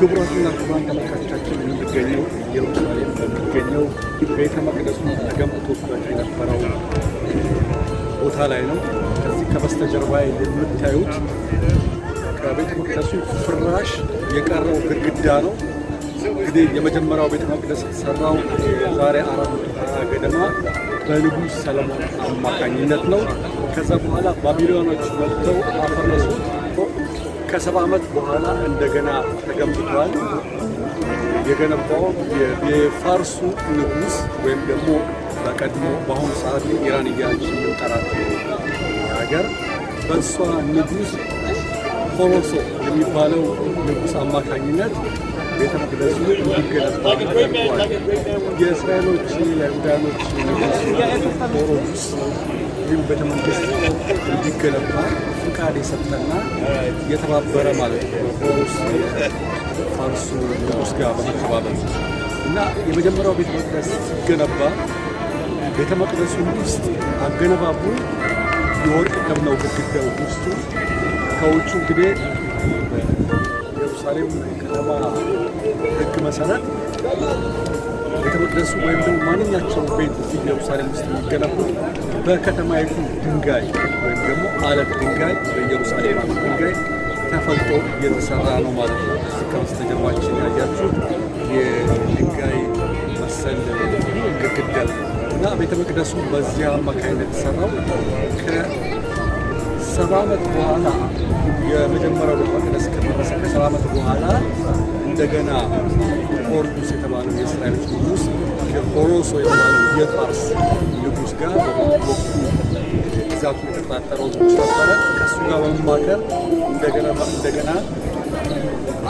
ክቡራትና ክቡራን ተመልካቾቻችን የምንገኘው ኢየሩሳሌም በሚገኘው ቤተ መቅደሱ ተገንብቶ የነበረው ቦታ ላይ ነው። ከዚህ ከበስተጀርባ የምታዩት ከቤተ መቅደሱ ፍራሽ የቀረው ግድግዳ ነው። እንግዲህ የመጀመሪያው ቤተ መቅደስ የተሰራው የዛሬ አራት ገደማ በንጉሥ ሰለሞን አማካኝነት ነው። ከዛ በኋላ ባቢሎኖች መጥተው አፈረሱት። ከሰባ ዓመት በኋላ እንደገና ተገንብቷል። የገነባው የፋርሱ ንጉስ ወይም ደግሞ በቀድሞ በአሁኑ ሰዓት ኢራን እያች የሚጠራት ሀገር በእሷ ንጉስ ሆሮሶ የሚባለው ንጉስ አማካኝነት ቤተ መቅደሱ እንዲገነባ የእስራኤሎች ለአይሁዳኖች ሮች ይህም ቤተ መንግስት እንዲገነባ ፍቃድ የሰጠና የተባበረ ማለት ነው ሆሮስ ንጉስ ጋር በመተባበር እና የመጀመሪያው ቤተ መቅደስ ሲገነባ ቤተ መቅደሱን ውስጥ አገነባቡን የወርቅ ቀለም ግድግዳው ውስጡ ከውጭ እንግዲህ በኢየሩሳሌም ከተማ ሕግ መሰረት ቤተ መቅደሱ ወይም ደግሞ ማንኛቸውም ቤት እዚህ ኢየሩሳሌም ውስጥ የሚገነቡት በከተማይቱ ድንጋይ ወይም ደግሞ አለት ድንጋይ በኢየሩሳሌም አለት ድንጋይ ተፈልጦ የተሰራ ነው ማለት ነው። እዚህ ከበስተጀርባችን ያያችሁት የድንጋይ መሰል ግድግዳ እና ቤተ መቅደሱ በዚያ አማካኝነት የተሰራው ከሰባ ዓመት በኋላ የመጀመሪያው በቋቅደስ ከደረሰ ከሰባ ዓመት በኋላ እንደገና ሆርሙስ የተባለው የእስራኤል ንጉስ ከሆሮሶ የተባለው የፋርስ ንጉስ ጋር ወቅቱ ግዛቱ የተቆጣጠረው ንጉስ ነበረ። ከእሱ ጋር በመማከር እንደገና እንደገና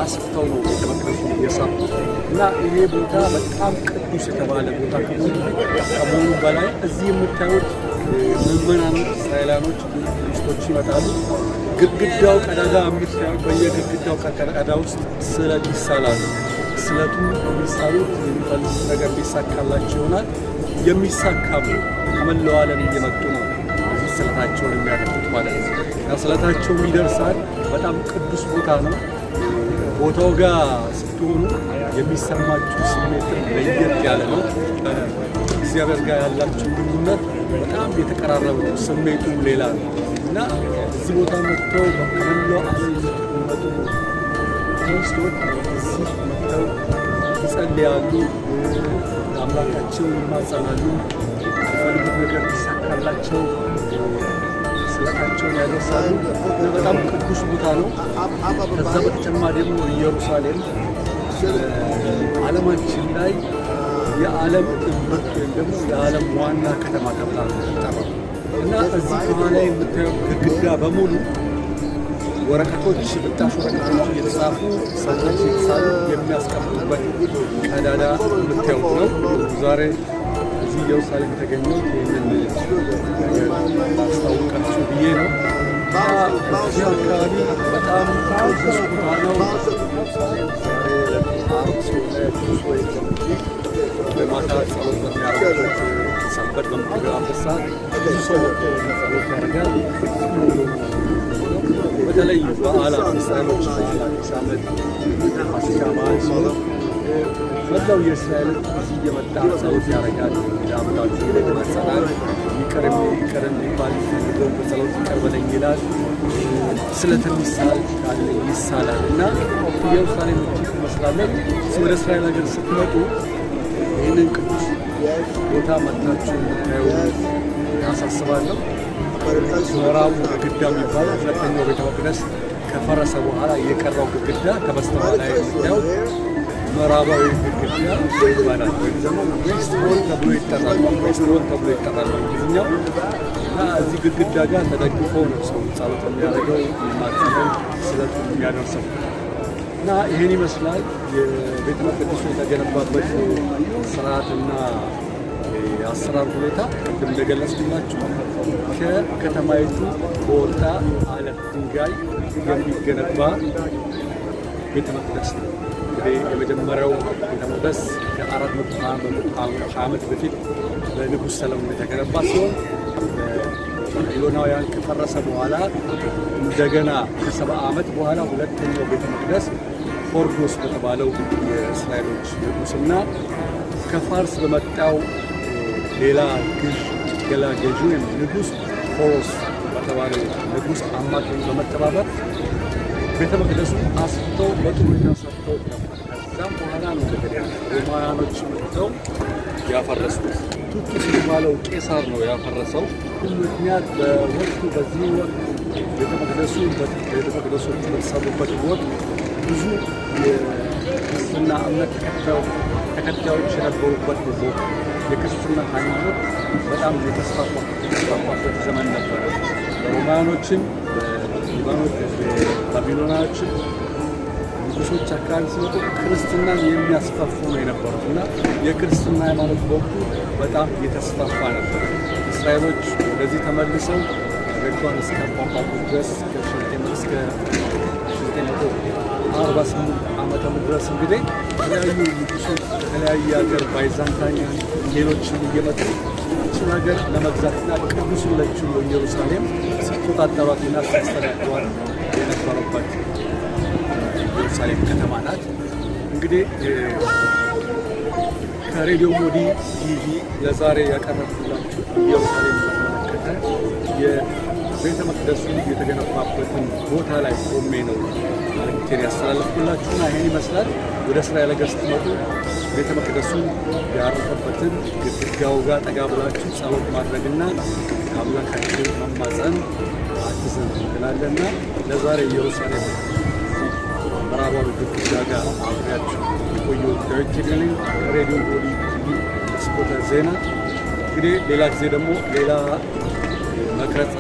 አስፍተው ነው የተመቅደሱ የሳቡት እና ይሄ ቦታ በጣም ቅዱስ የተባለ ቦታ ከመሆኑ በላይ እዚህ የምታዩት ምዕመናኖች፣ እስራኤላኖች፣ ቱሪስቶች ይመጣሉ። ግድግዳው ቀዳዳ የሚል በየግድግዳው ቀዳዳ ውስጥ ስለት ይሳላሉ። ስለቱ የሚሳሉት የሚፈልጉት ነገር ሊሳካላቸው ይሆናል። የሚሳካም ከመላው ዓለም እየመጡ ነው ስለታቸውን የሚያደርጉት ማለት ነው። ያ ይደርሳል። በጣም ቅዱስ ቦታ ነው። ቦታው ጋር ስትሆኑ የሚሰማችሁ ስሜት ለየት ያለ ነው። እግዚአብሔር ጋር ያላችሁ ግንኙነት በጣም የተቀራረበ ነው። ስሜቱ ሌላ ነው እና እዚህ ቦታ መጥተው ከመላው ዓለም መጡ እዚህ መጥተው ይጸልያሉ፣ ለአምላካቸው ይማጸናሉ፣ የፈልጉት ነገር ይሳካላቸው ስለታቸውን ያደርሳሉ። በጣም ቅዱስ ቦታ ነው። ከዛ በተጨማሪ ደግሞ ኢየሩሳሌም አለማችን ላይ የዓለም እምብርት ወይም ደግሞ የዓለም ዋና ከተማ ተብላ ይጠራል እና እዚህ ከኋላ የምታየው ግድግዳ በሙሉ ወረቀቶች፣ ብጣሽ ወረቀቶች እየተጻፉ ሰዎች የተሳሉ የሚያስቀምጡበት ቀዳዳ የምታዩት ነው። ዛሬ እዚህ ኢየሩሳሌም የተገኘው ይህንን ነገር ብዬ ነው። እዚህ አካባቢ በጣም ቅዱስ ቦታ ነው። ለምሳሌ ለአርሶ ለሶ ማታ ጸሎት በሚያደርጉበት ሰንበት በምትገባበት ሰዓት ብዙ ሰው ጸሎት ያደርጋል። በተለይ በዓላት ክርስቲያኖች አዲስ ዓመት፣ ፋሲካ በዓል ሲሆን መላው የእስራኤል እዚህ እየመጣ ጸሎት ያደርጋል። አምላክ ይደመሰናል ይቅር ይቅር እንዲባል ይፈልገው በጸሎት ይቅር በለኝ ይላል። ስለተሚሳል ካለ ይሳላል እና ኢየሩሳሌም ትመስላለች። ወደ እስራኤል ሀገር ስትመጡ ይህንን ቅዱስ ቦታ መጥናችሁ እንድታዩ ያሳስባለሁ። ምዕራቡ ግድግዳ የሚባለው ሁለተኛው ቤተ መቅደስ ከፈረሰ በኋላ የቀረው ግድግዳ ከበስተኋላ የምታየው ምዕራባዊ ግድግዳ ይባላል። ወይም ደግሞ ዌስት ተብሎ ይጠራል። ዌስት ተብሎ ይጠራል እንግሊዝኛው እና እዚህ ግድግዳ ጋር ተደግፈው ነው ሰው ጸሎት የሚያደርገው የሚማጸነው ስለት የሚያደርሰው እና ይህን ይመስላል የቤተ መቅደሱ የተገነባበት ስርዓትና የአሰራር ሁኔታ። ቅድም እንደገለጽኩላችሁ ከከተማይቱ በወጣ አለት ድንጋይ የሚገነባ ቤተ መቅደስ ነው። እንግዲህ የመጀመሪያው ቤተ መቅደስ ከአራት መቶ ዓመት በፊት በንጉሥ ሰለሞን የተገነባ ሲሆን ባቢሎናውያን ከፈረሰ በኋላ እንደገና ከሰባ ዓመት በኋላ ሁለተኛው ቤተ መቅደስ ፎርዶስ በተባለው የእስራኤሎች ንጉሥና ከፋርስ በመጣው ሌላ ግዥ ገላ ገዥ ወይም ንጉሥ ሆሮስ በተባለው ንጉሥ አማካኝ በመተባበር ቤተ መቅደሱ አስፍተው በጥሩ ሰርተው ከዛም በኋላ ነው እንግዲህ ሮማውያኖች መጥተው ያፈረሱት። ቱቱ የሚባለው ቄሳር ነው ያፈረሰው። ሁሉ ምክንያት በወቅቱ በዚህ ወቅት ቤተ መቅደሱ ቤተ መቅደሶቹ በተሰሩበት ወቅት ብዙ የክርስትና እምነት ተከታዮች የነበሩበት ጊዜ የክርስትና ሃይማኖት በጣም የተስፋፋበት ዘመን ነበረ። ሊባኖች፣ ባቢሎናዎችን ንጉሶች አካባቢ ሲመጡ ክርስትናን የሚያስፋፉ ነው የነበሩት እና የክርስትና ሃይማኖት በወቅቱ በጣም የተስፋፋ ነበር። እስራኤሎች ወደዚህ ተመልሰው ሬቷን እስከ ፓፓ ድረስ እስከ ሽንቴ መቶ አርባ 48 ዓመተ ምድረስ እንግዲህ የተለያዩ ንጉሶች ከተለያዩ ሀገር ባይዛንታይን፣ ሌሎችም እየመጡ ይህችን ሀገር ለመግዛትና ቅዱስ ለችው ኢየሩሳሌም ሲቆጣጠሯትና ሲያስተዳድሯት የነበረባት ኢየሩሳሌም ከተማ ናት። እንግዲህ ከሬዲዮ ሞዲ ቲቪ ለዛሬ ያቀረብኩላችሁ ኢየሩሳሌም በተመለከተ ቤተ መቅደሱ የተገነባበትን ቦታ ላይ ቆሜ ነው መልእክቴን ያስተላለፍኩላችሁና ይህን ይመስላል። ወደ እስራኤል ሀገር ስትመጡ ቤተ መቅደሱ ያረፈበትን ግድግዳው ጋር ጠጋ ብላችሁ ጸሎት ማድረግና አምላካችን መማፀን አግዘን እንላለና ለዛሬ ኢየሩሳሌም ምዕራባዊ ግድግዳ ጋር አብሬያችሁ የቆየው ዳዊት ጌዴሌን ሬዲዮ ጎዲ ስፖርት ዜና እንግዲህ ሌላ ጊዜ ደግሞ ሌላ መቅረጽ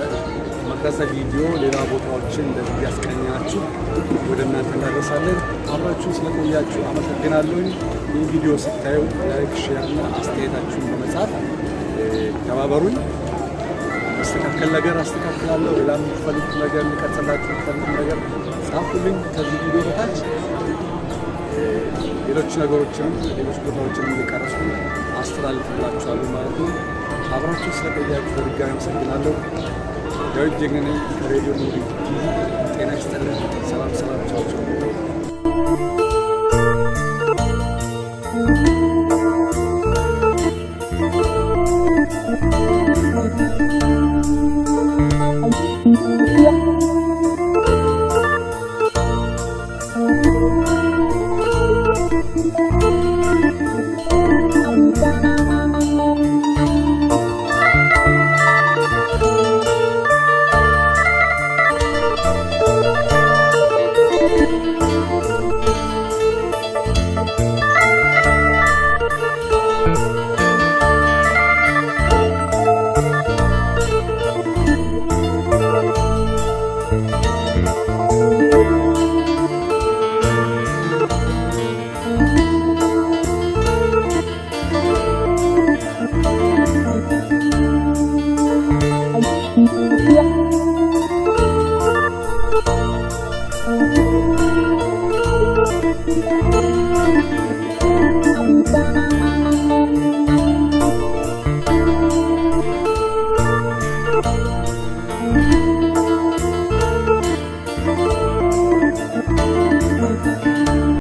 የተቀረጸ ቪዲዮ ሌላ ቦታዎችን እንደዚህ ያስቀኛችሁ ወደ እናንተ እናደርሳለን። አብራችሁን ስለቆያችሁ አመሰግናለሁኝ። ይህ ቪዲዮ ስታዩ ላይክ፣ ሼር እና አስተያየታችሁን በመጻፍ ተባበሩኝ። አስተካከል ነገር አስተካክላለሁ። ሌላ የምትፈልጉት ነገር እንቀጥላችሁ የምትፈልጉት ነገር ጻፉልኝ። ከዚህ ቪዲዮ በታች ሌሎች ነገሮችንም ሌሎች ቦታዎችን እየቀረስኩ አስተላልፍላችኋሉ ማለት ነው። አብራችሁ ስለቆያችሁ በድጋሚ አመሰግናለሁ። Rohit Jagan radio movie ఎనక్స్ సలాం సలాం చౌచౌ thank you